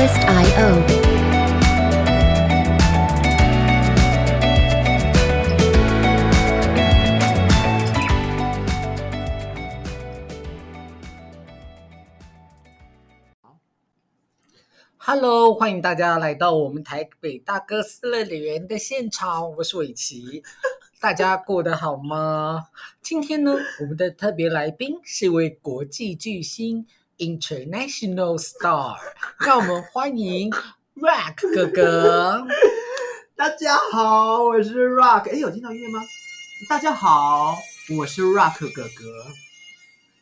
Firstory Hello，歡迎大家來到我們台北大哥斯樂樂園的現場，我是偉奇，大家過得好嗎？今天呢， 我們的特別來賓是一位國際巨星。International Star，讓我們歡迎 Rock 哥哥。 大家好，我是 Rock，哎，有聽到音樂嗎？大家好，我是 Rock 哥哥。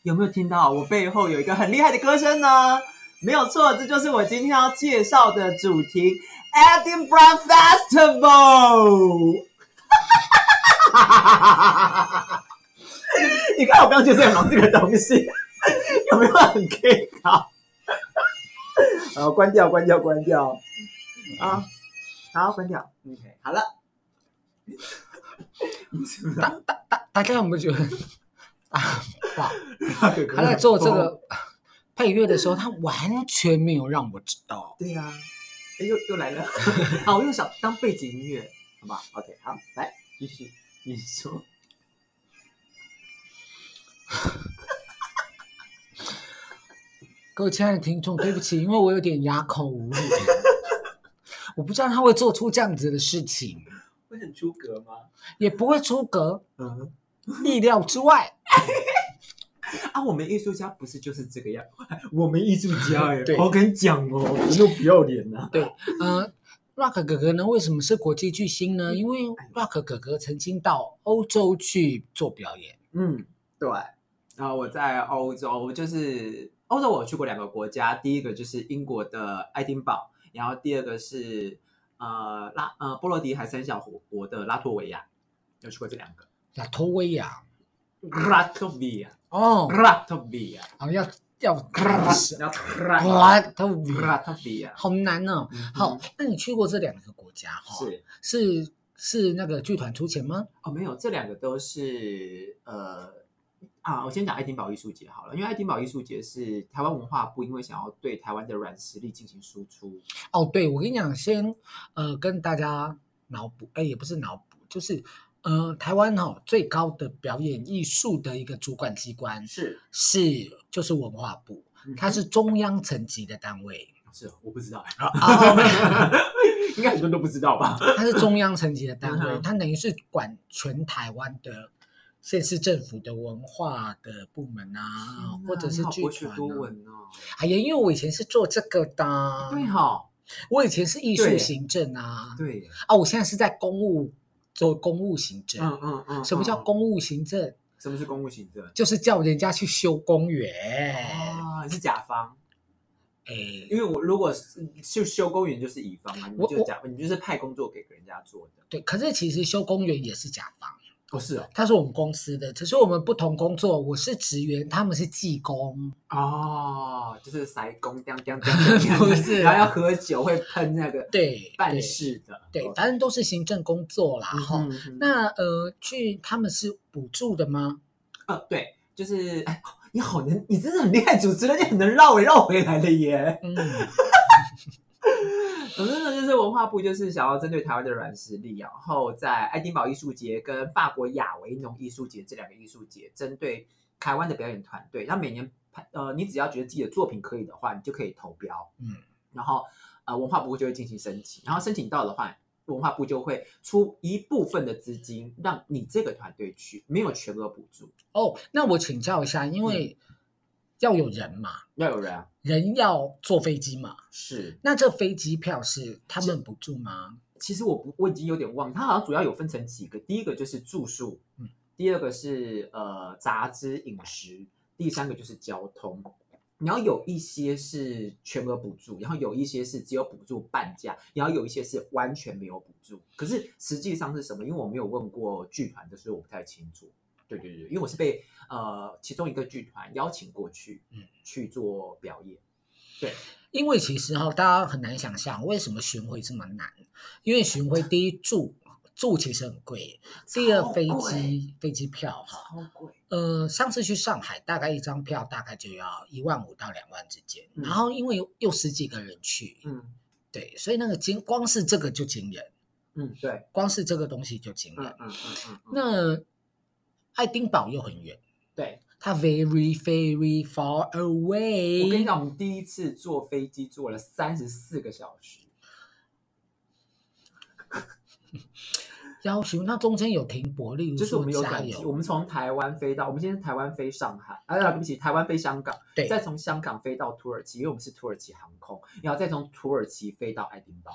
有沒有聽到我背後有一個很厲害的歌聲呢？沒有錯，這就是我今天要介紹的主題 ——Edinburgh Festival。哈哈哈哈哈哈哈哈哈哈哈哈，你看，我剛剛就是在忙這個東西。 有沒有很可以好, 好，關掉，關掉，關掉啊！Mm. Uh, 好，關掉，OK，好了。大大大大家，我們覺得啊，哇！他 在做這個配樂的時候、 嗯，他完全沒有讓我知道。對啊，哎，又又來了。 好，我又想當背景音樂，好吧？OK，好，來繼續。你說。 各位親愛的聽眾，對不起，因為我有點啞口無言。 我不知道他會做出這樣子的事情，會很出格嗎？也不會出格，嗯，意料之外。 啊，我們藝術家不是就是這個樣，我們藝術家哎、 哦，我跟你講哦，你都不要臉了、啊。 對，嗯、呃、Rock 哥哥呢？為什麼是國際巨星呢？因為 Rock 哥哥曾經到歐洲去做表演。哎、嗯，對，然後我在歐洲就是。歐洲，我去過兩個國家，第一個就是英國的愛丁堡，然後第二個是呃拉呃波羅的海三小國的拉脫維亞，有去過這兩個。拉脫維亞，拉脫維 a 哦，拉脫維亞，啊要要，要，拉脫維亞，好難哦，嗯嗯好，那你去過這兩個國家？是、哦、是是那個劇團出錢嗎、嗯？哦，沒有，這兩個都是呃。啊，我先講愛丁堡藝術節好了，因為愛丁堡藝術節是台灣文化部，因為想要對台灣的軟實力進行輸出。哦，對，我跟你講，先呃跟大家腦補，哎、欸，也不是腦補，就是呃台灣哦最高的表演藝術的一個主管機關是是就是文化部，它是中央層級的單位、嗯哦。是，我不知道， 哦哦、 應該很多人都不知道吧？它是中央層級的單位，嗯、它等於是管全台灣的。縣市政府的文化的部門啊，啊或者是劇團的。哎呀，因為我以前是做這個的。對、嗯、哈，我以前是藝術行政啊對。對。啊，我現在是在公務做公務行政。嗯嗯嗯。什麼叫公務行政、嗯嗯嗯？什麼是公務行政？就是叫人家去修公園。啊，是甲方。哎、欸。因為我如果是修修公園，就是乙方啊，你就甲，你就是派工作給人家做的。對，可是其實修公園也是甲方。不、哦、是、哦，他是我們公司的，只是我們不同工作。我是職員，他們是技工哦，就是篩工、呃呃呃呃呃，這樣這樣，然後要喝酒，會噴那個，對，辦事的，對，反正、哦、都是行政工作啦，嗯哼嗯哼，那呃，去他們是補助的嗎？嗯啊、對，就是、哎，你好能，你真的很厲害，主持人就很能繞，繞回來的耶。嗯 總之呢，就是文化部就是想要針對台灣的軟實力，然後在愛丁堡藝術節跟法國雅維農藝術節這兩個藝術節，針對台灣的表演團隊，那每年呃，你只要覺得自己的作品可以的話，你就可以投標，嗯，然後呃，文化部就會進行申請，然後申請到的話，文化部就會出一部分的資金，讓你這個團隊去，沒有全額補助哦。那我請教一下，因為。嗯要有人嘛？要有人啊！人要坐飛機嘛？是。那這飛機票是他們補助嗎？其實我不，我已經有點忘。它好像主要有分成幾個，第一個就是住宿，嗯，第二個是呃雜支飲食，第三個就是交通。然後有一些是全額補助，然後有一些是只有補助半價，然後有一些是完全沒有補助。可是實際上是什麼？因為我沒有問過劇團，所以我不太清楚。對對對，因為我是被呃其中一個劇團邀請過去，嗯，去做表演。對，因為其實哈、哦，大家很難想象為什麼巡迴這麼難，因為巡迴第一、嗯、住住其實很貴，貴第二飛機超飛機票好、哦、貴，呃，上次去上海大概一張票大概就要一萬五到兩萬之間、嗯，然後因為有十幾個人去，嗯，對，所以那個驚光是這個就驚人，嗯，對，光是這個東西就驚人，嗯嗯嗯，嗯，那。愛丁堡又很遠，對他 very very far away。我跟你講，我們第一次坐飛機坐了三十四個小時， 要求那中間有停泊，例如就是我們有轉機，我們從台灣飛到，我們先是台灣飛上海，哎呀，嗯，啊，對不起，台灣飛香港，再從香港飛到土耳其，因為我們是土耳其航空，對，然後再從土耳其飛到愛丁堡。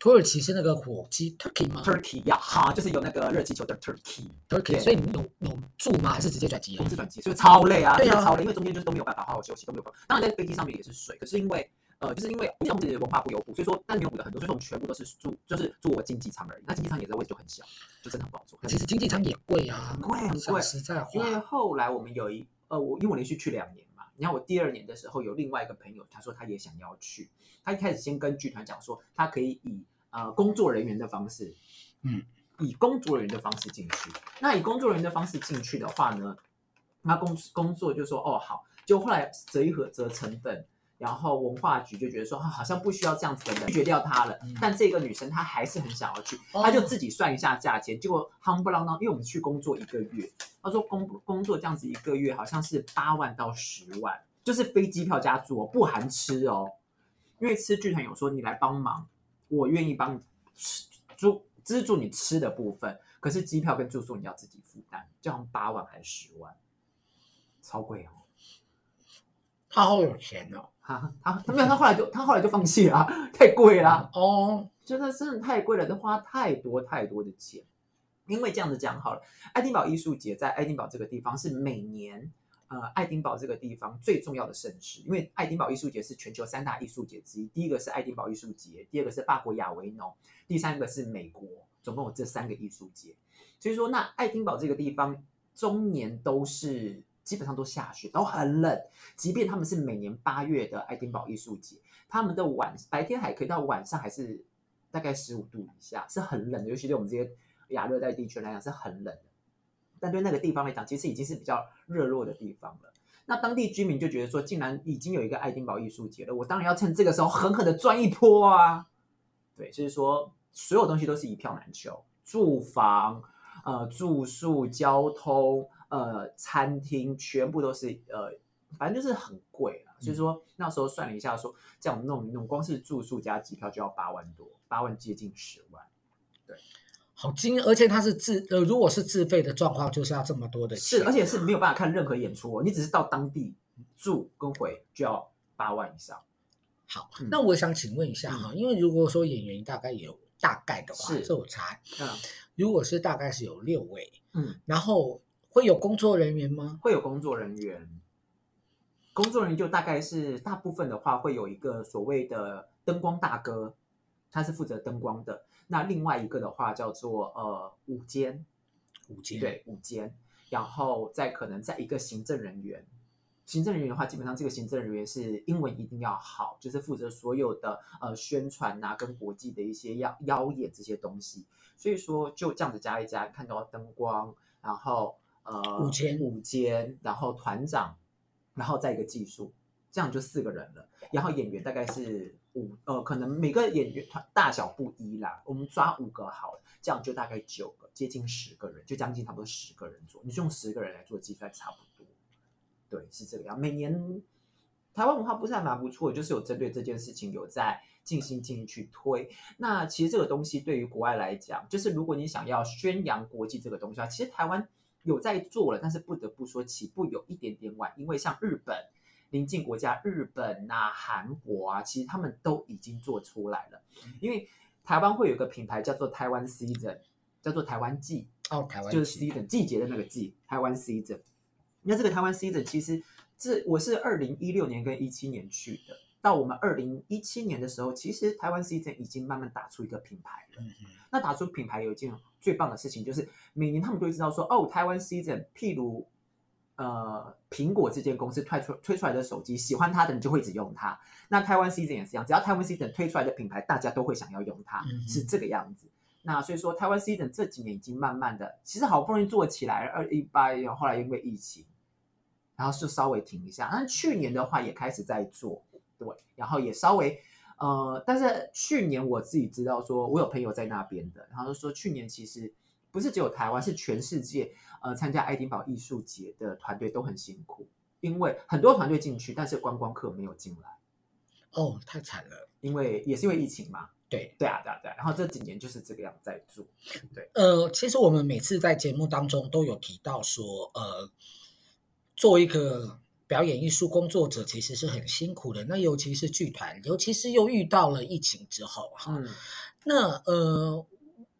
土耳其是那個火雞 turkey 嗎？Turkey 呀？好，就是有那個熱氣球的 turkey turkey、yeah。所以你們有有住嗎？還是直接轉機啊？是轉機，是不是超累啊？對啊，超累，因為中間就是都沒有辦法好好休息，都沒有辦法。當然在飛機上面也是睡，可是因為呃，就是因為我們自己的文化部有補，所以說但是沒有補的很多，所以說我們全部都是住，就是住經濟艙而已。那經濟艙也在位置就很小，就真的不好坐。其實經濟艙也貴啊，很貴很貴啊，因為後來我們有一呃，我因為我連續去兩年。你看，我第二年的時候，有另外一個朋友，他說他也想要去。他一開始先跟劇團講說，他可以以呃工作人員的方式，嗯，以工作人員的方式進去。那以工作人員的方式進去的話呢，那工工作就說哦好，就後來折一折折成本。然後文化局就覺得說，好像不需要這樣子的人，拒絕掉他了。但這個女生她還是很想要去，嗯，她就自己算一下價錢。結果，夯不啷噹，因為我們去工作一個月，她說工工作這樣子一個月好像是八萬到十萬，就是飛機票加住哦，不含吃哦。因為吃劇團有說你來幫忙，我願意幫你吃住資助你吃的部分，可是機票跟住宿你要自己負擔，這樣八萬還是十萬，超貴哦。他好有錢哦！啊啊、他他沒有，他後來就他後來就放棄了，太貴了哦，真的、嗯、真的太貴了，他花太多太多的錢。因為這樣子講好了，愛丁堡藝術節在愛丁堡這個地方是每年呃愛丁堡這個地方最重要的盛事，因為愛丁堡藝術節是全球三大藝術節之一，第一個是愛丁堡藝術節，第二個是法國亞維農，第三個是美國，總共有這三個藝術節。所以說，那愛丁堡這個地方終年都是。基本上都下雪，都很冷。即便他們是每年八月的愛丁堡藝術節，他們的晚白天還可以，到晚上還是大概十五度以下，是很冷的。尤其對我們這些亞熱帶地區來講，是很冷的。但對那個地方來講，其實已經是比較熱絡的地方了。那當地居民就覺得說，竟然已經有一個愛丁堡藝術節了，我當然要趁這個時候狠狠的賺一波啊！對，所以說所有東西都是一票難求，住房、呃住宿、交通。呃，餐廳全部都是呃，反正就是很貴啊。所以說那時候算了一下說，說這樣弄一弄，光是住宿加機票就要八萬多，八萬接近十萬。對，好驚，而且它是自呃，如果是自費的狀況，就是要這麼多的錢、啊、是，而且是沒有辦法看任何演出哦，你只是到當地住跟回就要八萬以上。好，那我想請問一下哈、嗯，因為如果說演員大概有大概的話，是有差啊。如果是大概是有六位，嗯，然後。會有工作人員嗎？會有工作人員，工作人員就大概是大部分的話，會有一個所謂的燈光大哥，他是負責燈光的。那另外一個的話叫做呃舞監，舞監對舞監，然後再可能再一個行政人員，行政人員的話，基本上這個行政人員是英文一定要好，就是負責所有的呃宣傳吶、啊，跟國際的一些邀邀演這些東西。所以說就這樣子加一加，看到燈光，然後。呃，五千五間，然後團長，然後再一個技術，這樣就四個人了。然後演員大概是五，呃，可能每個演員團大小不一啦。我們抓五個好了，這樣就大概九個，接近十個人，就將近差不多十個人做。你就用十個人來做計算，差不多。對，是這個樣。每年台灣文化不是還蠻不錯，就是有針對這件事情有在盡心盡力去推。那其實這個東西對於國外來講，就是如果你想要宣揚國際這個東西啊，其實台灣。有在做了，但是不得不說起步有一點點晚，因為像日本鄰近國家日本吶、啊、韓國啊，其實他們都已經做出來了。因為台灣會有個品牌叫做台灣 Season，叫做台灣季哦，台灣就是 Season 季節的那個季，台灣 Season。那這個台灣 Season 其實，這我是二零一六年跟一七年去的。到我們二零一七年的時候，其實台灣 Season 已經慢慢打出一個品牌了。嗯、那打出品牌有一件最棒的事情，就是每年他們都會知道說，哦，台灣 Season，譬如呃蘋果這間公司推出推出來的手機，喜歡它的你就會一直用它。那台灣 Season 也是這樣，只要台灣 Season 推出來的品牌，大家都會想要用它，嗯，是這個樣子。那所以說，台灣 Season 這幾年已經慢慢的，其實好不容易做起來，二零一八年後來因為疫情，然後就稍微停一下。但去年的話也開始在做。對，然後也稍微，呃，但是去年我自己知道，說我有朋友在那邊的，然後說去年其實不是只有台灣，是全世界，呃，參加愛丁堡藝術節的團隊都很辛苦，因為很多團隊進去，但是觀光客沒有進來，哦，太慘了，因為也是因為疫情嘛，對，對啊，對啊，對啊，然後這幾年就是這個樣在做，對，呃，其實我們每次在節目當中都有提到說，呃，做一個。表演藝術工作者其實是很辛苦的，那尤其是劇團，尤其是又遇到了疫情之後，哈、嗯。那呃，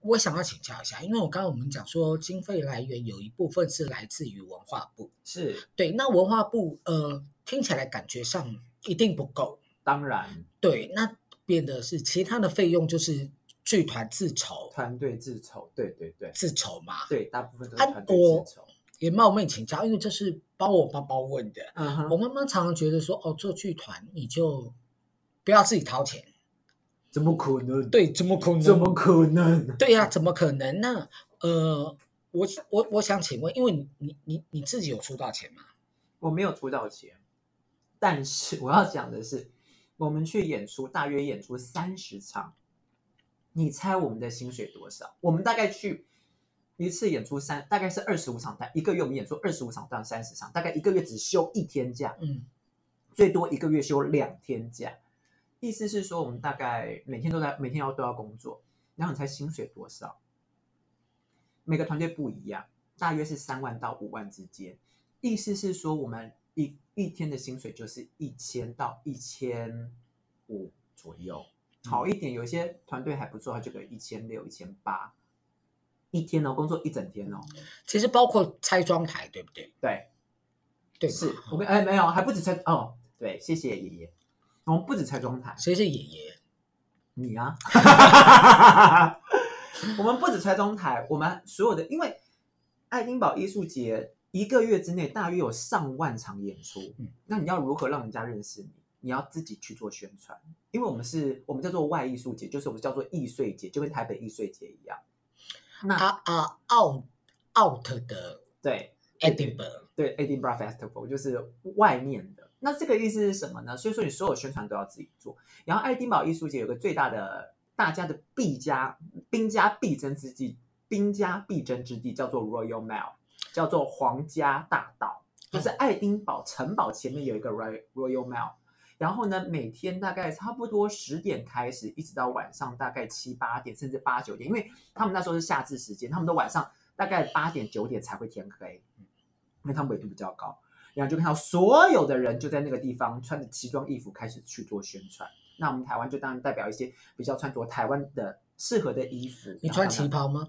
我想要請教一下，因為我剛剛我們講說，經費來源有一部分是來自於文化部，是對。那文化部呃，聽起來感覺上一定不夠，當然，對。那變的是其他的費用就是劇團自籌，團隊自籌，對對對，自籌嘛，對，大部分都是團隊自籌。也冒昧請教，因為這是幫我媽媽問的。Uh-huh. 我媽媽常常覺得說，哦，做劇團你就不要自己掏錢，怎麼可能？對，怎麼可能？怎麼可能？對呀、啊，怎麼可能呢？呃，我我我想請問，因為你你你你自己有出到錢嗎？我沒有出到錢，但是我要講的是，我們去演出大約演出三十場，你猜我們的薪水多少？我們大概去。一次演出三，大概是二十五場但，一個月我們演出二十五場到三十場，大概一個月只休一天假，嗯，最多一個月休兩天假。意思是說，我們大概每天都在每天要都要工作。然後你猜薪水多少？每個團隊不一樣，大約是三萬到五萬之間。意思是說，我們一一天的薪水就是一千到一千五左右。嗯，好一點，有些團隊還不錯，他就給一千六、一千八。一天哦，工作一整天哦。其實包括拆裝台，對不對？對，對，是我們哎，沒有，還不止拆哦。對，謝謝爺爺。我、哦、們不止拆裝台。誰是爺爺？你啊。 我們不止拆裝台，我們所有的。因為愛丁堡藝術節一個月之內大約有上萬場演出。嗯。那你要如何讓人家認識你？你要自己去做宣傳，因為我們是，我們叫做外藝術節，就是我們叫做藝穗節，就跟台北藝穗節一樣。那啊 out out 的對 Edinburgh 對 Edinburgh Festival 就是外面的，那這個意思是什麼呢？所以說你所有宣傳都要自己做。然後愛丁堡藝術節有個最大的大家的必家，兵家必爭之地，兵家必爭之地叫做 Royal Mile，叫做皇家大道，就、嗯、是愛丁堡城堡前面有一個 Royal Royal Mile。然後呢，每天大概差不多十點開始，一直到晚上大概七八點，甚至八九點，因為他們那時候是夏至時間，他們都晚上大概八點九點才會天黑，嗯，因為他們緯度比較高。然後就看到所有的人就在那個地方穿着奇裝異服開始去做宣傳。那我們台灣就當然代表一些比較穿着台灣的適合的衣服。你穿旗袍嗎？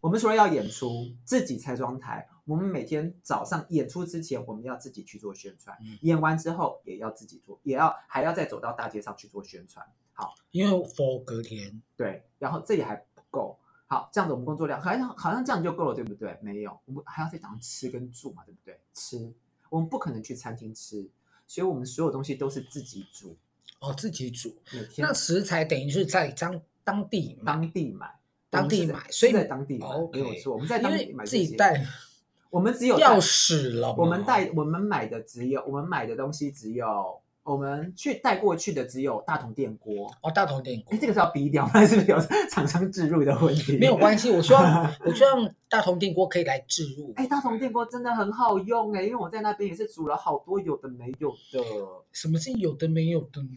我們除了要演出，自己拆裝台。我們每天早上演出之前，我們要自己去做宣傳；嗯、演完之後，也要自己做，也要還要再走到大街上去做宣傳。好，因為隔天。對，然後這裡還不夠。好，這樣子我們工作量好像好像這樣就夠了，對不對？沒有，我們還要再島吃跟住嘛，對不對？吃，我們不可能去餐廳吃，所以我們所有東西都是自己煮。哦，自己煮，每天那食材等於是在當當地當地買。當地，當，地在當地買，所以在當地買，沒有錯。我們在當地買，自己帶。我們只有要死了。我們帶，我們買的只有，我們買的東西只有，我們去帶過去的只有大同電鍋。哦，大同電鍋，哎、這個是要逼掉，還、嗯、是有廠商置入的問題？沒有關係，我希望， 我希望大同電鍋可以來置入。哎，大同電鍋真的很好用哎，因為我在那邊也是煮了好多有的沒有的。什麼是有的沒有的呢？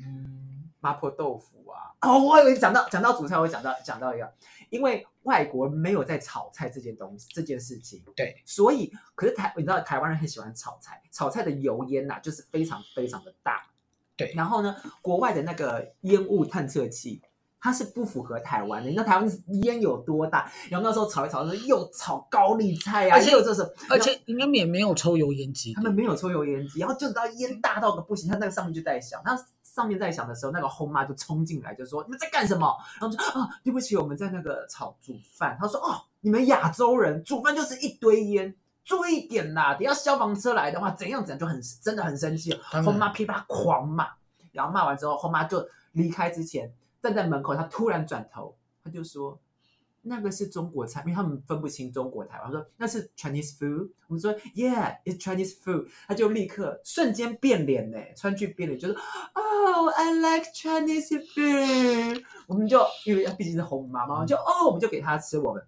麻婆豆腐啊！哦，我以為講到講到主菜，我講到講到一個，因為外國人沒有在炒菜這件東西這件事情，對，所以可是台你知道台灣人很喜歡炒菜，炒菜的油煙吶、啊、就是非常非常的大，對，然後呢，國外的那個煙霧探測器它是不符合台灣的，你知道台灣煙有多大？然後那時候炒一炒，又炒高麗菜呀、啊，而且有這是，而且應該沒有抽油煙機，他們沒有抽油煙機，然後就知道煙大到個不行，他那個上面就在響，它。上面在想的時候，那個後媽就衝進來就說：“你們在幹什麼？”然後就啊，對不起，我們在那個炒煮飯。”他說：“哦，你們亞洲人煮飯就是一堆煙，注意點啦！等下消防車來的話，怎樣怎樣就很真的很生氣。”後媽噼啪狂罵，然後罵完之後，後媽就離開之前站在門口，她突然轉頭，她就說。那個是中國菜，因為他們分不清中國台灣，我說那是 Chinese food。我們說 Yeah，it's Chinese food。他就立刻瞬間變臉嘞，川劇變臉，就是 Oh，I like Chinese food。我們就因為他畢竟是紅毛嘛，就哦，oh, 我們就給他吃我們，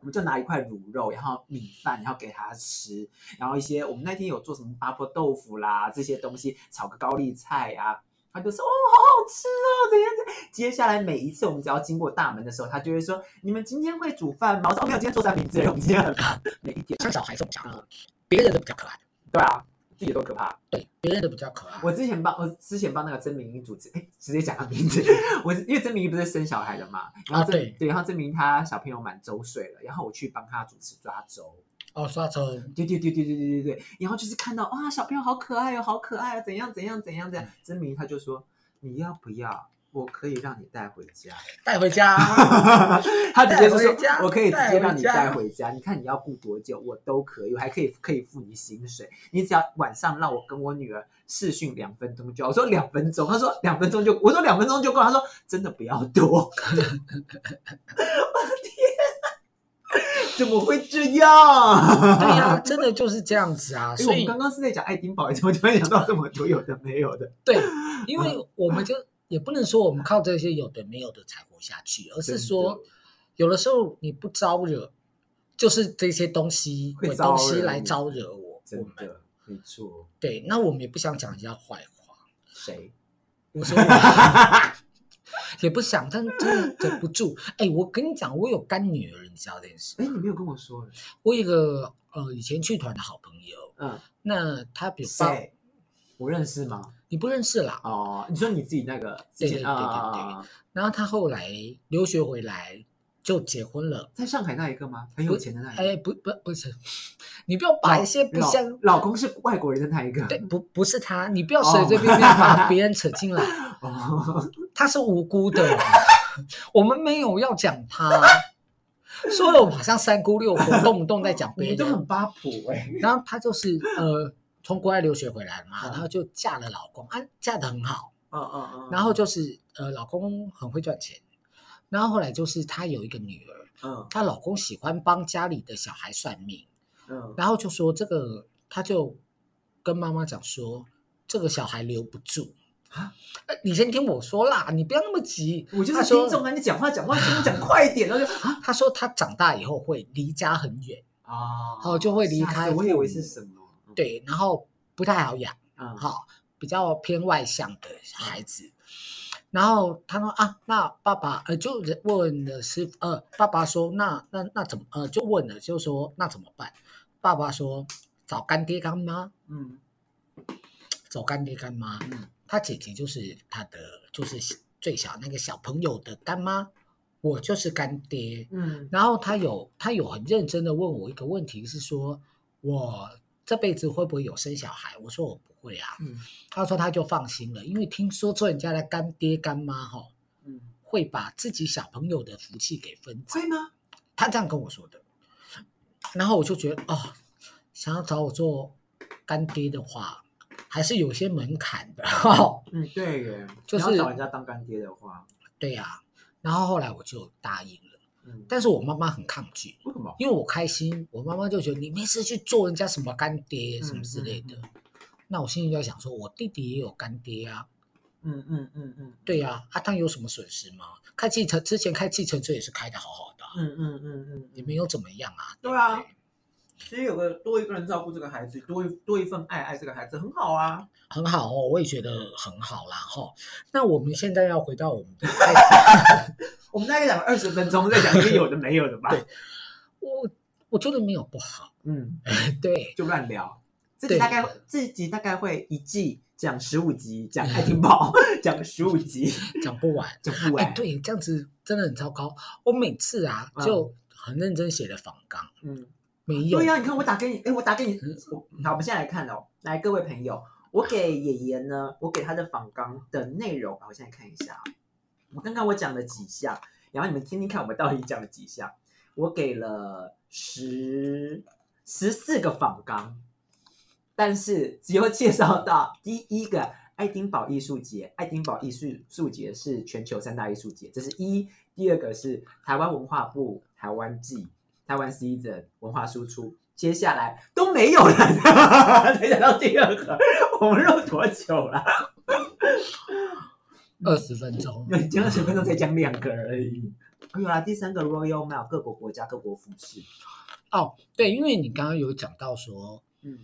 我們就拿一塊滷肉，然後米飯，然後給他吃，然後一些我們那天有做什麼八婆豆腐啦這些東西，炒個高麗菜啊。他就說：“哦，好好吃哦，這樣子。”接下來每一次我們只要經過大門的時候，他就會說：“你們今天會煮飯嗎？”我說：“沒有，今天做張明志，我們今天很怕。”每一點像小孩這種講，嗯，別人都比較可愛，對啊，自己都可怕，對，別人都比較可愛。我之前幫我之前幫那個曾明儀主持，哎，直接講他名字。 我因為曾明儀不是生小孩了嘛，然後這、啊、對對，然後曾明他小朋友滿週歲了，然後我去幫他主持抓周。哦，刷車。對對對對對對對對，然後就是看到哇，小朋友好可愛喲、哦，好可愛啊，哦，怎樣怎樣怎樣怎樣，真，嗯、明他就說，你要不要，我可以讓你帶回家，帶回家。 他直接就說，我可以直接讓你帶回家，回家你看你要僱多久，我都可以，我還可以可以付你薪水，你只要晚上讓我跟我女兒視訊兩分鐘就要，我說兩分鐘，他說兩分鐘就，我說兩分鐘就夠，他說真的不要多。 怎麼會這樣？ 對呀、啊，真的就是這樣子啊！所以，欸、我們剛剛是在講愛丁堡，怎麼突然講到這麼多有的沒有的？對，因為我們就也不能說我們靠這些有的沒有的才活下去，而是說，有的時候你不招惹，就是這些東西、鬼東西來招惹我。真的，我們，真的，沒錯。對，那我們也不想講人家壞話。誰？我說我。 也不想，但真的忍不住。哎、欸，我跟你講，我有乾女兒，你知道這件事？哎、欸，你沒有跟我說。我有一個呃，以前劇團的好朋友，嗯，那他比賽、欸、我認識嗎？你不認識啦。哦，你說你自己那個，對對對對，對、嗯。然後他後來留學回來。就結婚了，在上海那一個嗎？很有錢的那一個？哎、欸，不不不是，你不要把一些不像老，老，老公是外國人的那一個，對不？不是他，你不要隨隨便便把別人扯進來，哦，他是無辜的， 我們沒有要講他，說 以我好像三姑六婆，動不動在講別人都很八譜，欸，然後他就是呃，從國外留學回來了嘛，嗯，然後就嫁了老公，啊，嫁得很好，哦哦哦，然後就是呃，老公很會賺錢。然後後來就是她有一個女兒、嗯，她老公喜歡幫家裡的小孩算命、嗯，然後就說這個，她就跟媽媽講說，這個小孩留不住、啊、你先聽我說啦，你不要那麼急。我就是聽眾啊，你講話講話，能不能講快一點？啊、然後就、啊，她說她長大以後會離家很遠、哦、然後就會離開。我以為是什麼？對，然後不太好養，好、嗯哦、比較偏外向的孩子。然後他說啊，那爸爸呃就問了是呃，爸爸說那那那怎麼呃就問了就說那怎麼辦？爸爸說找乾爹乾媽，嗯，找乾爹乾媽，嗯，他姐姐就是他的就是最小那個小朋友的乾媽，我就是乾爹，嗯，然後他有他有很認真的問我一個問題，是說我。這輩子會不會有生小孩？我說我不會啊。嗯，他說他就放心了，因為聽說做人家的乾爹乾媽哈、哦，嗯，會把自己小朋友的福氣給分走。所以呢，他這樣跟我說的。然後我就覺得哦，想要找我做乾爹的話，還是有些門檻的哈、就是。嗯，對耶，就是找人家當乾爹的話。對呀、啊，然後後來我就答應了。但是我媽媽很抗拒，為什麼？因為我開心，我媽媽就覺得你沒事去做人家什麼乾爹什麼之類的。嗯嗯嗯，那我心裡就想說，我弟弟也有乾爹啊。嗯嗯嗯嗯，對呀、啊，阿、啊、湯有什麼損失嗎？開汽車之前開計程車也是開得好好的、啊。嗯嗯嗯嗯，嗯，你沒有怎麼樣啊。對，對啊。其實有個多一個人照顧這個孩子，多一多一份愛愛這個孩子很好啊，很好哦，我也覺得很好啦哈、嗯。那我們現在要回到我們的，愛丁堡、 哎， 我們大概講二十分鐘，再講一些有的沒有的吧。 對，我我覺得沒有不好，嗯， 對，就亂聊。自己大概自己大概會一季講十五集，講愛丁堡、嗯、 講十五集，講不完，講不完、哎。對，這樣子真的很糟糕。我每次啊就很認真寫的訪綱，嗯。嗯對呀、啊，你看我打給你誒，我打給你，好，我們現在來看哦。來，各位朋友，我給演員呢，我給他的訪綱的內容，我現在看一下。我看看我講了幾項，然後你們聽聽看，我們到底講了幾項？我給了十十四個訪綱，但是只有介紹到第一個愛丁堡藝術節。愛丁堡藝術藝術節是全球三大藝術節，這是一；第二個是台灣文化部台灣季。台灣 Season 文化輸出，接下來都沒有了。沒 想到第二個，我們錄多久了？二十分鐘，講二十分鐘才講兩個而已。對 啊，第三個 Royal Mail 各國國家各國服飾。哦，對，因為你剛剛有講到說，嗯，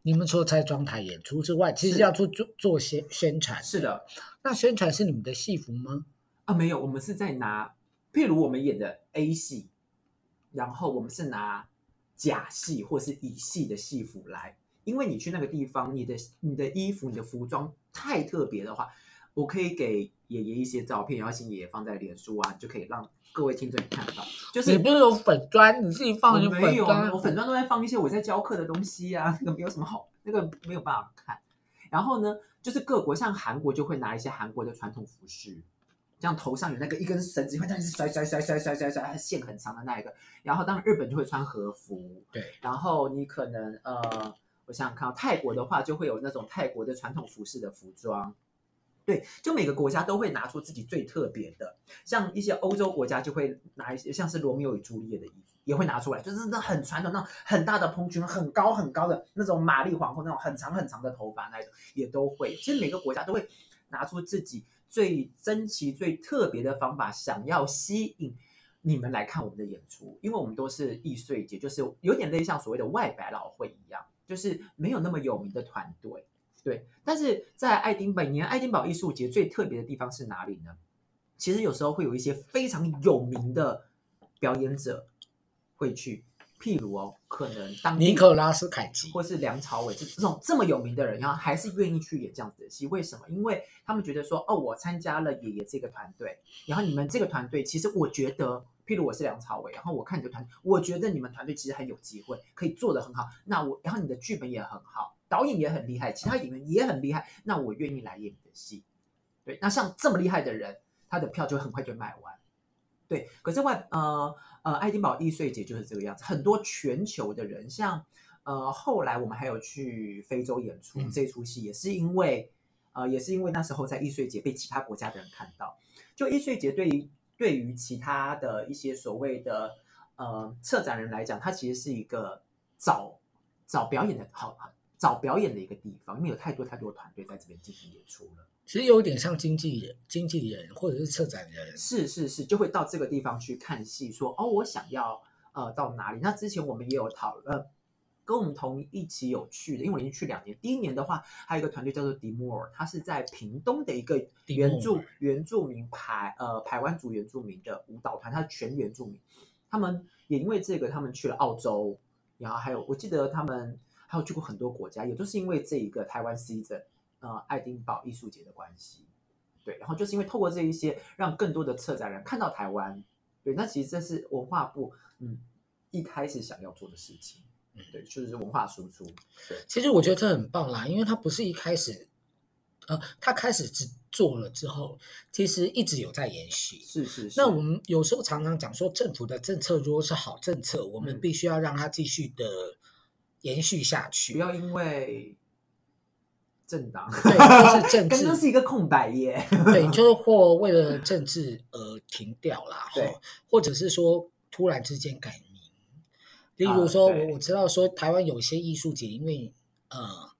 你們除了在妝台演出之外，其實要做做做宣宣傳。是的，那宣傳是你們的戲服嗎？啊，沒有，我們是在拿，譬如我們演的 A 戲。然後我們是拿甲戲或是乙戲的戲服來，因為你去那個地方，你的你的衣服、你的服裝太特別的話，我可以給爺爺一些照片，然後請爺爺放在臉書啊，就可以讓各位聽眾看到。就是也不是有粉專，你自己放就可以有？我粉專都在放一些我在教課的東西啊，那個沒有什麼好，那個沒有辦法看。然後呢，就是各國像韓國就會拿一些韓國的傳統服飾。像頭上有那個一根繩子，會這樣子甩甩甩甩甩甩甩，它線很長的那一個。然後，當然日本就會穿和服。對。然後你可能呃，我想想看，泰國的話就會有那種泰國的傳統服飾的服裝。對，就每個國家都會拿出自己最特別的。像一些歐洲國家就會拿一些，像是《羅密歐與朱麗葉》的衣服也會拿出來，就是那很傳統、那種很大的蓬裙、很高很高的那種瑪麗皇後那種、很長很長的頭髮那種，也都會。其實每個國家都會拿出自己。最珍奇、最特別的方法，想要吸引你們來看我們的演出，因為我們都是藝穗節，就是有點類似像所謂的外百老匯一樣，就是沒有那麼有名的團隊，對。但是在愛丁堡每年愛丁堡藝術節最特別的地方是哪裡呢？其實有時候會有一些非常有名的表演者會去。譬如哦，可能當尼可拉斯凱奇或是梁朝偉是這種這麼有名的人，然後還是願意去演這樣子的戲，為什麼？因為他們覺得說，哦，我參加了爺爺這個團隊，然後你們這個團隊，其實我覺得，譬如我是梁朝偉，然後我看你的團隊，我覺得你們團隊其實很有機會，可以做得很好。那我，然後你的劇本也很好，導演也很厲害，其他演員也很厲害，那我願意來演你的戲。對，那像這麼厲害的人，他的票就很快就賣完。對，可是萬呃。呃，愛丁堡藝穗節就是這個樣子，很多全球的人，像呃後來我們還有去非洲演出這出戲，也是因為，呃也是因為那時候在藝穗節被其他國家的人看到，就藝穗節對於對於其他的一些所謂的呃策展人來講，它其實是一個找找表演的好找表演的一個地方，因為有太多太多團隊在這邊進行演出了。其實有點像經紀人、經紀人或者是策展人，是是是，就會到這個地方去看戲，說哦，我想要呃到哪裡？那之前我們也有討論，跟我們同一起有去的，因為我已經去兩年。第一年的話，還有一個團隊叫做 Demore，他是在屏東的一個原住原住民排呃排灣族原住民的舞蹈團，他是全原住民。他們也因為這個，他們去了澳洲，然後還有我記得他們還有去過很多國家，也就是因為這一個台灣 Season。呃，愛丁堡藝術節的關係，對，然後就是因為透過這一些，讓更多的策展人看到台灣，對，那其實這是文化部嗯一開始想要做的事情，嗯，對，就是文化輸出，對，其實我覺得這很棒啦，因為他不是一開始，呃，他開始只做了之後，其實一直有在延續，是是是。那我們有時候常常講說，政府的政策如果是好政策，嗯，我們必須要讓它繼續的延續下去，不要因為。政黨 對，就是政治，是一個空白頁。 對，就是或為了政治而、呃、停掉啦。或者是說突然之間改名，例如說我、呃、我知道說台灣有些藝術節，因為呃，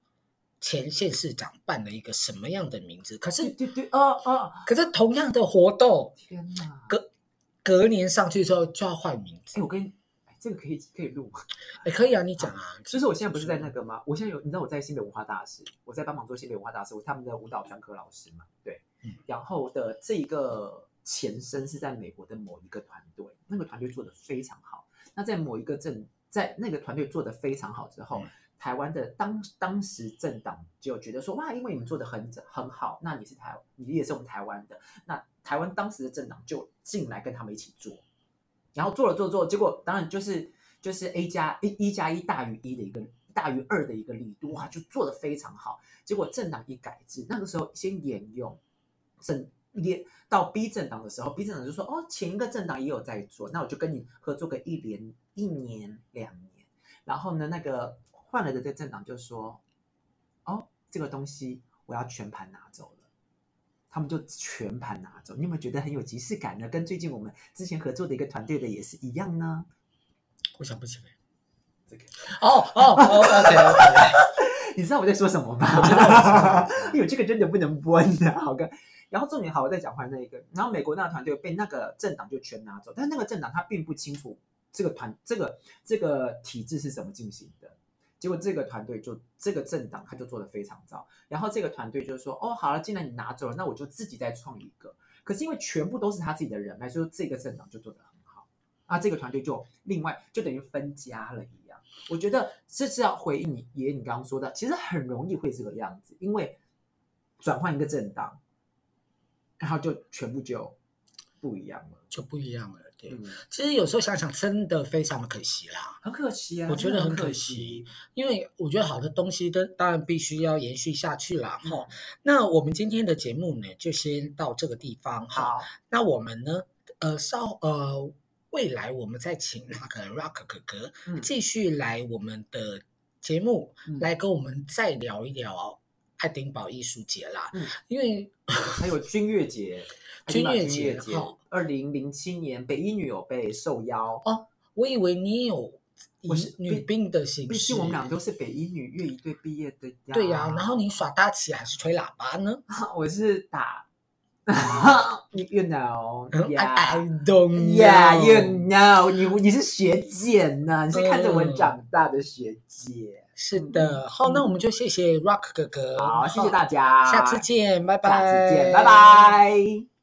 前縣市長辦了一個什麼樣的名字，可是對對啊啊，哦哦，可是同樣的活動，天吶，隔隔年上去之後就要換名字。哎，我跟你。這個可以可以錄嗎？哎、欸，可以啊，你講啊、嗯。就是我現在不是在那個嗎？我現在有，你知道我在新北文化大使，我在幫忙做新北文化大使，我是他們的舞蹈專科老師嘛。對、嗯，然後的這個前身是在美國的某一個團隊，那個團隊做的非常好。那在某一個政，在那個團隊做的非常好之後，嗯、台灣的當當時政黨就覺得說，哇，因為你們做的很很好，那你是台，你也是我們台灣的，那台灣當時的政黨就進來跟他們一起做。然後做了做做，結果當然就是就是 A 加一，一加一大於一的一個，大於二的一個力度，哇，就做得非常好。結果政黨一改制，那個時候先沿用，整連到 B 政黨的時候，B 政黨就說，哦，前一個政黨也有在做，那我就跟你合作個一連一年兩年。然後呢，那個換了的這個政黨就說，哦，這個東西我要全盤拿走。他們就全盤拿走，你有沒有覺得很有即視感呢？跟最近我們之前合作的一個團隊的也是一樣呢？我想不起來這個。哦、oh, 哦、oh，OK OK， 你知道我在說什麼嗎？因為、哎、這個真的不能播的、啊，好哥。然後重點好，我再講壞那一個，然後美國那個團隊被那個政黨就全拿走，但那個政黨他並不清楚這個團這個這個體制是怎麼進行的。結果這個團隊就這個政黨，他就做的非常糟。然後這個團隊就說，哦，好了，既然你拿走了，那我就自己再創一個。可是因為全部都是他自己的人脈，所以這個政黨就做的很好。啊，這個團隊就另外就等於分家了一樣。我覺得這是要回應你爺你剛剛說的，其實很容易會這個樣子，因為轉換一個政黨，然後就全部就不一樣了，就不一樣了。其實有時候想想，真的非常的可惜啦，很可惜啊，我覺得很可、很可惜，因為我覺得好的東西都當然必須要延續下去了哈、嗯。那我們今天的節目呢，就先到這個地方哈。那我們呢，呃稍呃，未來我們再請那個 Rock 哥哥繼續來我們的節目，嗯、來跟我們再聊一聊愛丁堡藝術節啦，嗯、因為還有軍樂節、軍 樂節哈。二零零七年，北一女友被受邀。哦，我以為你有我是女病的形式。我們倆都是北一女樂儀隊畢業的，對呀、啊，然後你耍大旗還是吹喇叭呢？啊、我是打。啊、you know, yeah, I, I don't 你，n 你，w You know, 你你是學姐呢、啊，你是看着我長大的學姐。嗯、是的。好、嗯，那我們就謝謝 Rock 哥哥。好，謝謝大家。下次見，拜拜。下次見，拜拜。